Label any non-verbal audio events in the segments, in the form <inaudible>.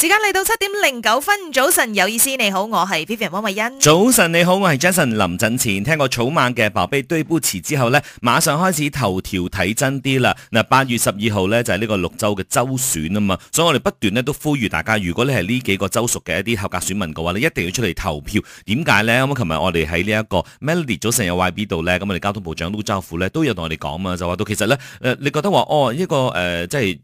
時間嚟到七點零九分，早晨有意思，你好，我係 Vivian 溫慧欣。早晨你好，我係 Jason。臨陣前聽過草蜢嘅《寶貝對不起》之後呢，馬上開始頭條睇真啲啦。嗱，八月十二號呢，就係、是、呢個六州嘅州選啊嘛，所以我哋不斷呢都呼籲大家，如果你係呢幾個州屬嘅一啲合格選民嘅話，你一定要出嚟投票。點解呢？咁啊，琴日我哋喺呢一個 Melody 早晨有 YB 度呢。咁我哋交通部長陸兆福呢都有同我哋講啊，就話到其實呢，誒，你覺得話哦，一、這個誒，即、呃、係。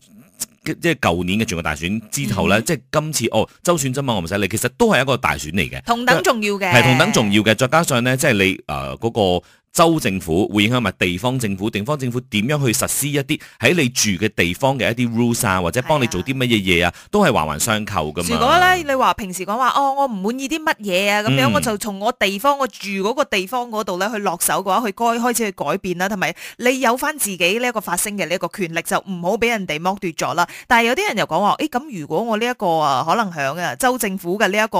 即係舊年嘅全國大選之後咧，嗯、即係今次哦州選真嘛，我唔使理，其實都係一個大選嚟嘅，同等重要嘅，係同等重要嘅，再加上咧，即係你誒嗰、呃嗰個。州政府會影響埋地方政府，地方政府點樣去實施一啲喺你住嘅地方嘅一啲 rules 啊，或者幫你做啲乜嘢嘢啊，都係環環相扣噶。如果咧，你話平時講話哦，我唔滿意啲乜嘢啊咁樣，我就從我地方我住嗰個地方嗰度咧去落手嘅話，佢該開始去改變啦，同埋你有翻自己呢一個發聲嘅呢一個權力，就唔好俾人哋剝奪咗啦。但係有啲人又講話，誒、哎、咁如果我呢、這、一個啊可能喺啊州政府嘅呢一個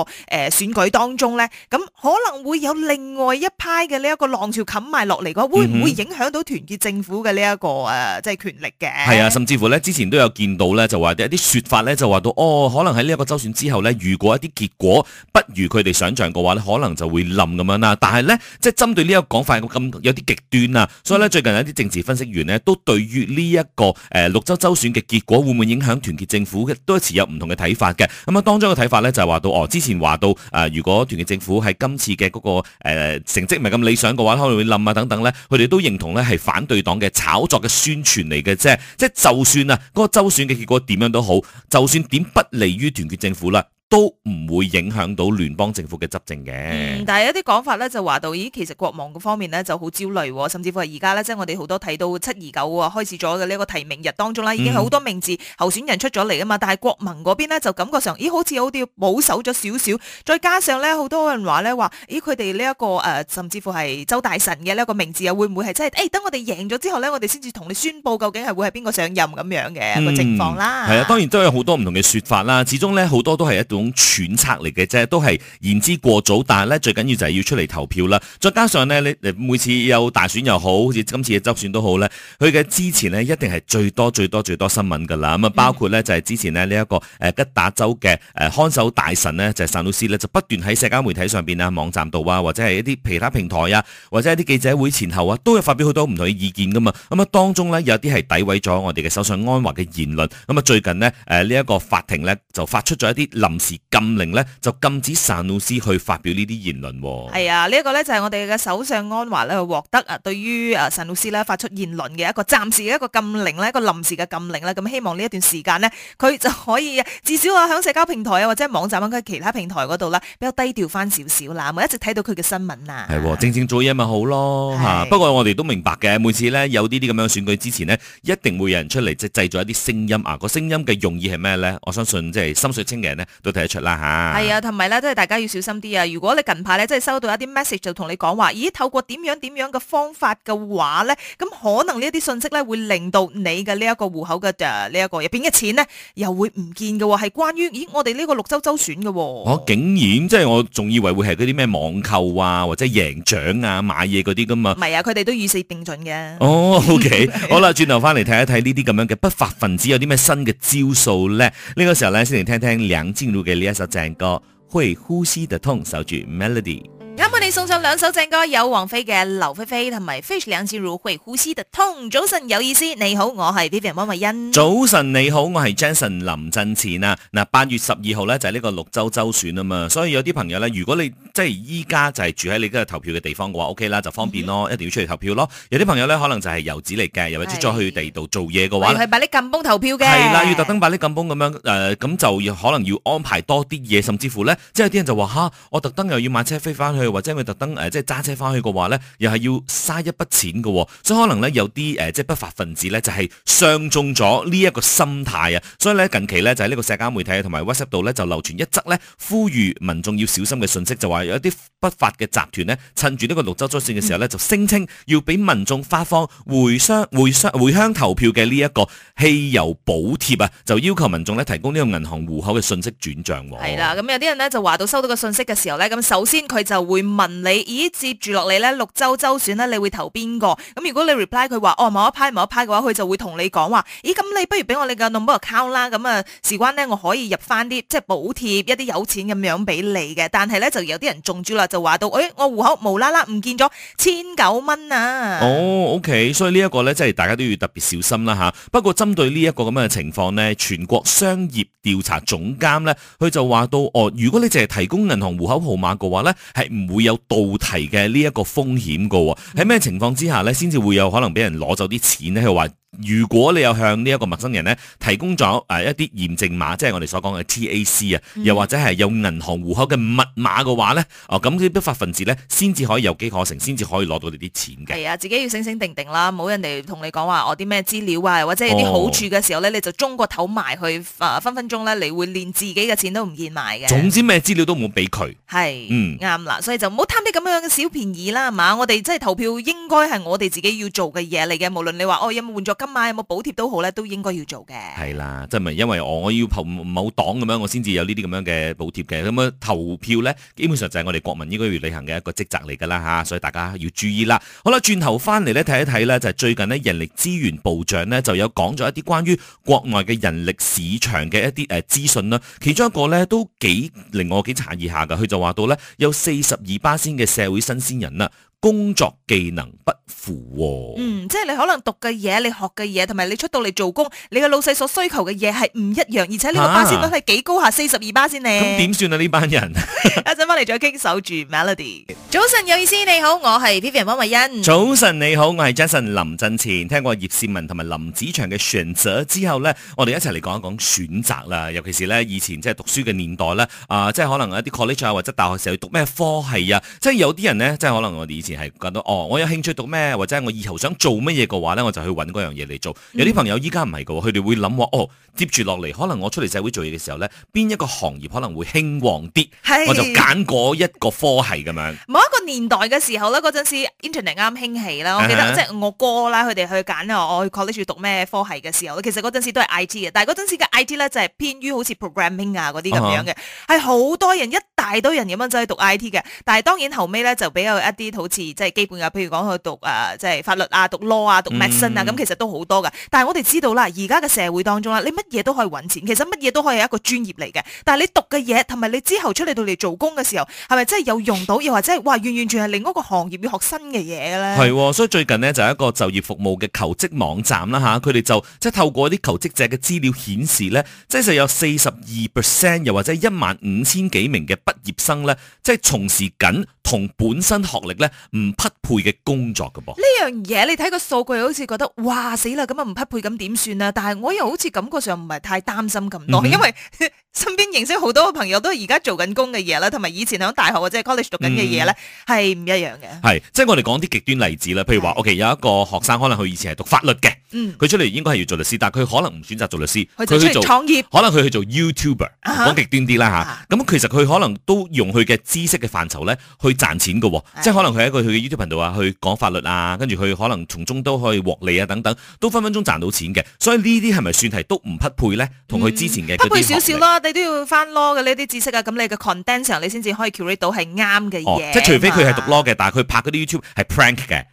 誒選舉當中咧，咁可能會有另外一派嘅呢一個浪潮埋落嚟嘅話，會唔會影響到團結政府嘅呢一個誒即係權力嘅？係啊，甚至乎咧，之前都有見到咧，就話一啲說法咧，就話到哦，可能喺呢一個州選之後咧，如果一啲結果不如佢哋想象嘅話，咧，可能就會冧咁樣啦。但係咧，即係針對呢一個講法咁有啲極端啊，所以咧最近有啲政治分析員咧，都對於呢、這、一個誒六、呃、州州選嘅結果會唔會影響團結政府嘅，都持有唔同嘅睇法嘅。咁、嗯、啊，當中嘅睇法咧就係話到哦，之前話到誒、呃、如果團結政府喺今次嘅嗰、那個誒、呃、成績唔係咁理想嘅話，可能會。啊，等等咧，佢哋都認同咧，係反對黨嘅炒作嘅宣傳嚟嘅啫，即係就算啊嗰，那個州選嘅結果點樣都好，就算點不利於團結政府啦，都唔會影響到聯邦政府嘅執政嘅，嗯。但係有啲講法咧就話到，咦，其實國盟嘅方面呢就好焦慮，甚至乎係而家咧，即係我哋好多睇到七二九開始咗嘅呢一個提名日當中啦，已經好多名字候選人出咗嚟啊嘛。但係國盟嗰邊呢，就感覺上，咦，好似好似保守咗少少。再加上咧，好多人話咧話，咦，佢哋呢一個誒、呃，甚至乎係州大臣嘅呢一個名字啊，會唔會係真係？誒、欸，等我哋贏咗之後咧，我哋先至同你宣布究竟係會係邊個上任咁樣嘅個情況啦。係啊、嗯，當然都有好多唔同嘅說法啦。始終咧好多都係一段。種揣測嚟嘅啫，都係言之過早。但係咧，最緊要就係要出嚟投票啦。再加上咧，你每次有大選又好，好似今次嘅州選都好咧，佢嘅之前呢，一定係最多最多最多新聞噶啦。咁啊，包括咧就係之前呢，呢一個誒，吉打州嘅誒看守大臣呢，就散老師咧就不斷喺社交媒體上邊啊、網站度啊，或者係一啲其他平台啊，或者一啲記者會前後啊，都有發表好多唔同嘅意見噶嘛。咁啊，當中呢，有啲係詆毀咗我哋嘅首相安華嘅言論。咁啊，最近呢，誒呢一個法庭呢，就發出咗一啲臨時。是禁令咧，就禁止 Sanusi 去發表呢啲言論。係啊，呢一個咧就係我哋嘅首相安華咧去獲得啊，對於啊 Sanusi 咧發出言論嘅一個暫時嘅一個禁令咧，一個臨時嘅禁令啦。咁希望呢一段時間咧，佢就可以至少啊喺社交平台啊或者網站或者其他平台嗰度咧比較低調翻少少啦。唔係一直睇到佢嘅新聞啊，係正正做嘢咪好咯嚇。不過我哋都明白嘅，每次咧有呢啲咁樣選舉之前咧，一定會有人出嚟即係製造一啲聲音啊。個聲音嘅用意係咩咧？我相信即係心水清嘅人咧。睇出啦吓，係啊，同埋咧，即係大家要小心啲啊！如果你近排咧，即係收到一啲 message 就同你講話，咦，透過點樣點樣嘅方法嘅話咧，咁可能訊呢一啲信息咧，會令到你嘅呢一個戶口嘅呢一個入邊嘅錢咧，又會唔見嘅喎，係關於咦，我哋呢個六州州選嘅喎。哦。我、哦、竟然即係我仲以為會係嗰啲咩網購啊，或者贏獎啊、買嘢嗰啲噶嘛。唔係啊，佢哋都與時並進嘅。哦，OK， <laughs> 好啦，轉頭翻嚟睇一睇呢啲咁樣嘅不法分子有啲咩新嘅招數咧？呢 <laughs> 個時候咧，先嚟聽聽兩千給你一首正歌，《會呼吸的痛》首句 Melody。咁我哋送上兩首正歌，有王菲嘅《劉菲菲》同埋《fish》，兩字如呼吸呼吸得通。早晨有意思，你好，我係 Vivian 汪慧欣。早晨你好，我係 Jason 林振前啊！嗱、呃，八月十二號咧就呢、是、個六州州選啊嘛，所以有啲朋友咧，如果你即係依家就係住喺你呢個投票嘅地方嘅話，OK 啦，就方便咯，咦一定要出嚟投票咯。有啲朋友咧可能就係遊子嚟嘅，又是或者再去地度做嘢嘅話，係擺啲禁崩投票嘅？係啦，要特登擺啲禁崩咁樣誒，咁、呃、就可能要安排多啲嘢，甚至乎咧，即係有啲人就話吓，我特登又要買車飛翻去。又或者佢特登誒，即係揸車翻去嘅話咧，又係要嘥一筆錢嘅，所以可能咧有啲誒，即係不法分子咧，就係上中咗呢一個心態啊，所以咧近期咧就係呢個社交媒體啊同埋 WhatsApp 度咧就流傳一則咧呼籲民眾要小心嘅訊息，就話有一啲不法嘅集團咧趁住呢個六州州選嘅時候咧，就聲稱要俾民眾發放回鄉回鄉回鄉投票嘅呢一個汽油補貼啊，就要求民眾咧提供呢個銀行戶口嘅信息轉賬喎。係啦，咁有啲人咧就話到收到個訊息嘅時候咧，咁首先佢就會，會問你，咦？接住落嚟咧，六周周選咧，你會投邊個？咁如果你 reply 佢話哦，某一派某一派嘅話，佢就會同你講話，咦？咁你不如俾我你個 number account 啦，咁、嗯、啊，事關呢，我可以入翻啲即係補貼一啲有錢咁樣俾你嘅。但係咧，就有啲人中招啦，就話到，誒，我戶口無啦啦唔見咗千九蚊啊！哦、oh，OK，所以呢一個咧，即係大家都要特別小心啦吓。不過針對呢一個咁樣嘅情況呢，全國商業調查總監咧，佢就話到，哦，如果你淨係提供銀行戶口號碼嘅話咧，係唔會有倒提嘅呢一個風險噶喎，喺咩情況之下咧，先至會有可能俾人攞走啲錢咧？佢話。如果你有向呢一個陌生人咧提供咗誒一啲驗證碼，即係我哋所講嘅 TAC 啊，又或者係有銀行戶口嘅密碼嘅話咧，哦咁啲不法分子咧先至可以有機可乘，先至可以攞到我哋啲錢嘅。係啊、嗯，自己要醒醒定定啦，冇人哋同你講話我啲咩資料啊，或者有啲好處嘅時候咧，你就中個頭埋去、啊，分分鐘咧你會連自己嘅錢都唔見埋嘅。總之咩資料都唔好俾佢。係，啱啦，所以就唔好貪啲咁樣嘅小便宜啦，係嘛？我哋即係投票應該係我哋自己要做嘅嘢嚟嘅，無論你話哦、哎、有冇換咗買有冇補貼都好咧，都應該要做嘅。係啦，即係因為我要投某黨咁樣，我先至有呢啲咁樣嘅補貼嘅。咁樣投票呢，基本上就係我哋國民應該要履行嘅一個職責嚟㗎啦嚇，所以大家要注意啦。好啦，轉頭翻嚟呢睇一睇呢，就係最近呢，人力資源部長呢就有講咗一啲關於國內嘅人力市場嘅一啲誒資訊啦。其中一個呢，都幾令我幾詫異下嘅，佢就話到呢，有四十二巴仙嘅社會新鮮人啊。工作技能不符喎、哦，嗯，即係你可能讀嘅嘢，你學嘅嘢，同埋你出到嚟做工，你嘅老細所需求嘅嘢係唔一樣，而且呢個巴仙都係幾高下四十二巴仙你咁點算啊呢班人？一陣翻嚟再傾守住 Melody。早晨有意思，你好，我係 Vivian 汪慧欣。早晨你好，我係 Jason 林振前。聽過葉倩文同埋林子祥嘅選擇之後呢，我哋一齊嚟講一講選擇啦，尤其是呢，以前即係讀書嘅年代呢，啊、呃，即係可能一啲 college 啊或者大學時候讀咩科係啊，即係有啲人呢，即係可能我哋。前係覺得哦，我有興趣讀咩，或者我以後想做乜嘢嘅話咧，我就去揾嗰樣嘢嚟做。有啲朋友依家唔係嘅，佢哋、嗯、會諗話哦，接住落嚟可能我出嚟社會做嘢嘅時候咧，邊一個行業可能會興旺啲，是我就揀嗰一個科系咁樣。某一個年代嘅時候咧，嗰陣時 internet 啱興起啦，我記得即係、uh huh. 我哥啦，佢哋去揀我去 college 讀咩科系嘅時候，其實嗰陣時都係 IT 嘅，但係嗰陣時嘅 IT 咧就係偏於好似 programming 啊嗰啲咁樣嘅，係好、uh huh. 多人一。大多人咁樣走去讀 I.T. 嘅，但係當然後尾咧就比較一啲好似即係基本嘅，譬如講去讀啊，即係法律啊、讀 law 啊、讀 medicine 啊，咁、嗯、其實都好多嘅。但係我哋知道啦，而家嘅社會當中啦，你乜嘢都可以揾錢，其實乜嘢都可以係一個專業嚟嘅。但係你讀嘅嘢同埋你之後出嚟到嚟做工嘅時候，係咪真係有用到？又或者係哇，完完全係另一個行業要學新嘅嘢咧？係、哦，所以最近呢，就一個就業服務嘅求職網站啦嚇，佢哋就即係透過啲求職者嘅資料顯示咧，即係就有四十二 percent，又或者一萬五千幾名嘅畢業生咧，即係從事緊同本身學歷咧唔匹配嘅工作噶噃。呢樣嘢你睇個數據，好似覺得哇，死啦，咁啊唔匹配，咁點算啊？但係我又好似感覺上唔係太擔心咁多，嗯、哼因為。 <laughs> 身邊認識好多朋友都而家做緊工嘅嘢啦，同埋以前喺大學或者 college 讀緊嘅嘢咧，係唔一樣嘅。係，即係我哋講啲極端例子啦。譬如話，OK，有一個學生可能佢以前係讀法律嘅，佢出嚟應該係要做律師，但佢可能唔選擇做律師，佢去做創業，可能佢去做 YouTuber，講極端啲啦吓。咁其實佢可能都用佢嘅知識嘅範疇咧，去賺錢喎。即係可能佢喺一個佢嘅 YouTube 頻道啊，去講法律啊，跟住佢可能從中都可以獲利啊等等，都分分鐘賺到錢嘅。所以呢啲係咪算係都唔匹配咧？同佢之前嘅匹配少少咯。啊、你都要翻 law 嘅呢啲知識啊，咁你嘅 condenser 你先至可以 curate 到係啱嘅嘢。即係除非佢係讀 law 嘅，但係佢拍嗰啲 YouTube 係 prank 嘅，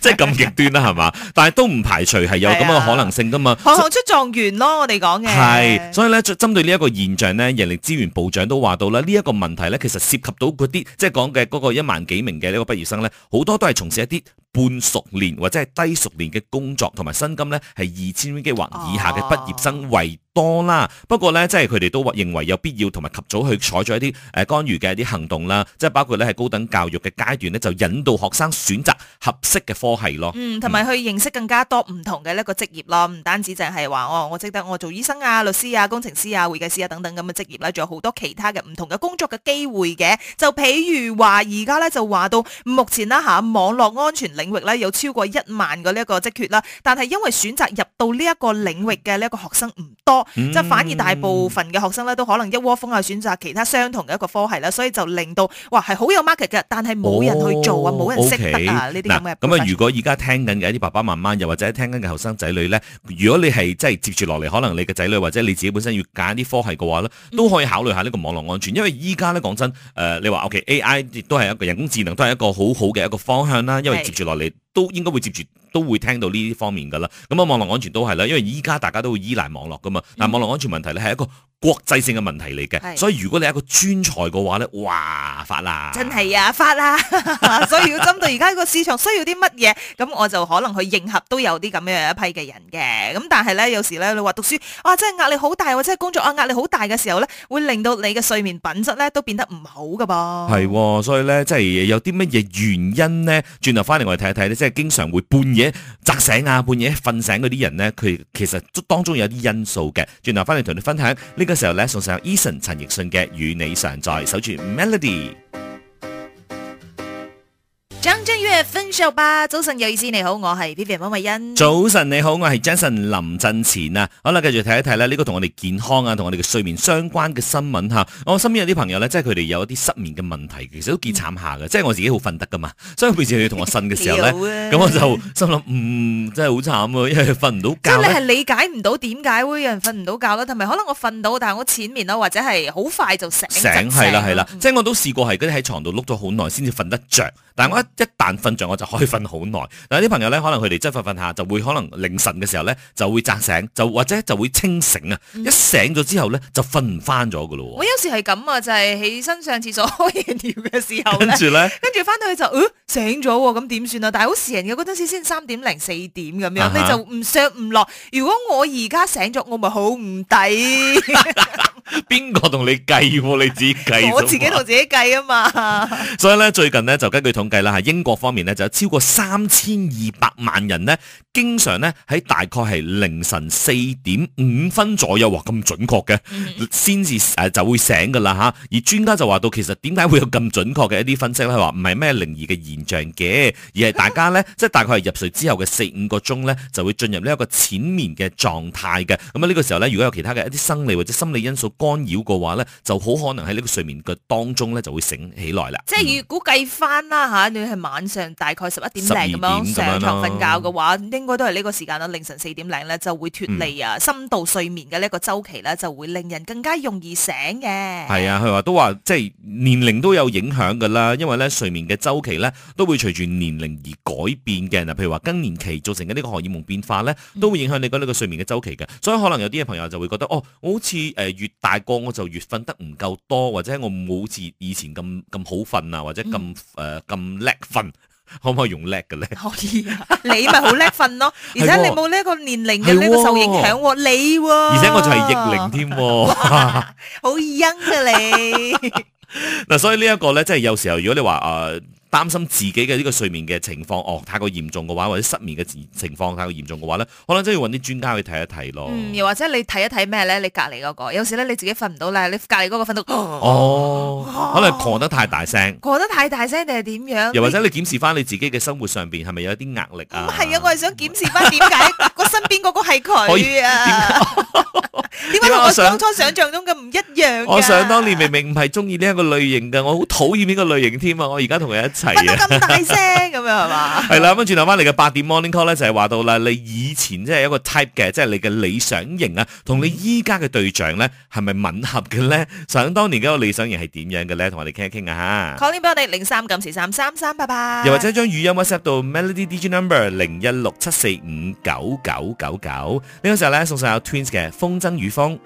即係咁極端啦，係嘛？但係都唔排除係有咁嘅可能性噶嘛。啊、以行行出狀元咯，我哋講嘅。係，所以咧，針對呢一個現象咧，人力資源部長都話到啦，呢、這、一個問題咧，其實涉及到嗰啲即係講嘅嗰個一萬幾名嘅呢個畢業生咧，好多都係從事一啲。半熟練或者係低熟練嘅工作同埋，薪金呢，係二千蚊嘅或以下嘅畢業生為多啦。啊、不過呢，即係佢哋都話認為有必要同埋及早去採取一啲誒干預嘅一啲行動啦。即係包括咧，喺高等教育嘅階段呢，就引導學生選擇合適嘅科系咯。嗯，同埋去認識更加多唔同嘅一個職業咯。唔、嗯、單止淨係話哦，我值得我做醫生啊、律師啊、工程師啊、會計師啊等等咁嘅職業啦，仲有好多其他嘅唔同嘅工作嘅機會嘅。就譬如話而家呢，就話到目前啦吓、啊，網絡安全。領域咧有超過一萬個呢一個職缺啦，但係因為選擇入到呢一個領域嘅呢一個學生唔多，即係、嗯、反而大部分嘅學生咧，都可能一窩蜂啊選擇其他相同嘅一個科系啦，所以就令到哇係好有 market 嘅，但係冇人去做啊，冇、哦、人識得啊呢啲咁嘅。嗱咁啊，如果而家聽緊嘅一啲爸爸媽媽，又或者聽緊嘅後生仔女咧，如果你係即係接住落嚟，可能你嘅仔女或者你自己本身要揀啲科系嘅話咧，嗯、都可以考慮一下呢個網絡安全，因為依家咧講真，誒、呃、你話 O K、OK, AI 亦都係一個人工智能都係一個很好好嘅一個方向啦，因為接住落嚟都應該會接住。都會聽到呢啲方面噶啦，咁啊網絡安全都係啦，因為依家大家都會依賴網絡噶嘛。但網絡安全問題咧係一個國際性嘅問題嚟嘅，嗯、所以如果你係一個專才嘅話咧，哇，發啦！真係啊，發啦！ <laughs> 所以要針對而家個市場需要啲乜嘢，咁我就可能去迎合都有啲咁樣一批嘅人嘅。咁但係咧，有時咧你話讀書，啊真係、即係、壓力好大或者工作啊壓力好大嘅時候咧，會令到你嘅睡眠品質咧都變得唔好㗎噃。係、哦，所以咧即係有啲乜嘢原因呢？轉頭翻嚟我哋睇一睇即係經常會半嘢，扎、yeah, 醒啊！半夜瞓醒嗰啲人呢，佢其實當中有啲因素嘅。轉頭翻嚟同你分享，呢、呢個時候呢，送上 Eason 陳奕迅嘅《與你常在》，守住 Melody。張張 h o 手吧。早晨有意思，你好，我係 Vivian 溫慧欣。早晨你好，我係 Jason 林振前啊。好啦，繼續睇一睇啦。呢、這個同我哋健康啊，同我哋嘅睡眠相關嘅新聞吓。我身邊有啲朋友咧，即係佢哋有一啲失眠嘅問題，其實都幾慘下嘅。嗯、即係我自己好瞓得噶嘛，所以平時要同我瞓嘅時候咧，咁、 <laughs> 啊嗯、我就心諗，嗯，真係好慘啊，因為瞓唔到覺。即係你係理解唔到點解會有人瞓唔到覺咯？同埋可能我瞓到，但係我淺眠或者係好快就醒了醒係啦係啦。即係、嗯、我都試過係嗰啲喺床度碌咗好耐先至瞓得着，但我、嗯一旦瞓着，我就可以瞓好耐，但係啲朋友咧可能佢哋真瞓瞓下就會可能凌晨嘅時候咧就會扎醒，就或者就會清醒啊。嗯、一醒咗之後咧就瞓唔翻咗㗎咯。我有時係咁啊，就係、是、起身上廁所開緊尿嘅時候咧，跟住咧，跟住翻到去就醒咗，啊，咁點算啊？但係好事人嘅嗰陣時先三點零四點咁樣，uh huh. 你就唔上唔落。如果我而家醒咗，我咪好唔抵。 <laughs> 邊個同你計，啊？你自己計？ <laughs> 我自己同自己計啊嘛！所以咧，最近呢，就根據統計啦，英國方面呢，就有超過三千二百萬人呢，經常呢，喺大概係凌晨四點五分左右，話咁準確嘅，先至誒，就會醒噶啦吓。而專家就話到，其實點解會有咁準確嘅一啲分析咧？佢話唔係咩靈異嘅現象嘅，而係大家呢，即係大概係入睡之後嘅四五個鐘呢，就會進入呢一個淺眠嘅狀態嘅。咁啊呢個時候呢，如果有其他嘅一啲生理或者心理因素，干擾嘅話呢，就好可能喺呢個睡眠嘅當中呢，就會醒起來啦。即係預估計翻啦嚇，嗯、你係晚上大概十一點零咁樣上床瞓覺嘅話，嗯、應該都係呢個時間啦。凌晨四點零呢就會脫離啊、嗯、深度睡眠嘅呢個周期呢，就會令人更加容易醒嘅。係啊，佢話都話即係年齡都有影響㗎啦，因為呢睡眠嘅周期呢都會隨住年齡而改變嘅嗱，譬如話更年期造成嘅呢個荷爾蒙變化呢，嗯、都會影響你呢個睡眠嘅周期嘅。所以可能有啲嘅朋友就會覺得哦，我好似、呃、越大個我就越瞓得唔夠多，或者我冇似以前咁咁好瞓啊，或者咁誒咁叻瞓，可唔可以用叻嘅咧？可以、啊，你咪好叻瞓咯， <laughs> 而且你冇呢一個年齡嘅呢個受影響、啊，哦、你喎、哦，而且我就係逆齡添、啊，好 young 嘅你。嗱， <laughs> 所以這個呢一個咧，即係有時候如果你話誒。呃擔心自己嘅呢個睡眠嘅情況哦太過嚴重嘅話，或者失眠嘅情情況太過嚴重嘅話咧，可能真係要揾啲專家去睇一睇咯。又、嗯、或者你睇一睇咩咧？你隔籬嗰、嗰個，有時咧你自己瞓唔到啦，你隔籬嗰個瞓到哦，哦可能過得太大聲，過得太大聲定係點樣？又或者你檢視翻你自己嘅生活上邊係咪有一啲壓力啊？唔係啊，我係想檢視翻點解我身邊嗰個係佢啊？點解同我當初想象中嘅唔一樣、啊？我想當年明明唔係中意呢一個類型噶，我好討厭呢個類型添啊！我而家同佢一。問到咁大聲咁 <laughs> 樣係嘛？係啦，咁樣轉頭翻嚟嘅八點 morning call 咧，就係話到啦，你以前即係一個 type 嘅，即係你嘅理想型啊，同你依家嘅對象咧，係咪吻合嘅咧？想當年嗰個理想型係點樣嘅咧？同我哋傾一傾啊吓 call 俾我哋零三咁時三三三八八，又或者將語音 whatsapp 到 melody DJ number 零一六七四五九九九九，呢個時候咧送上有 twins 嘅風箏與風。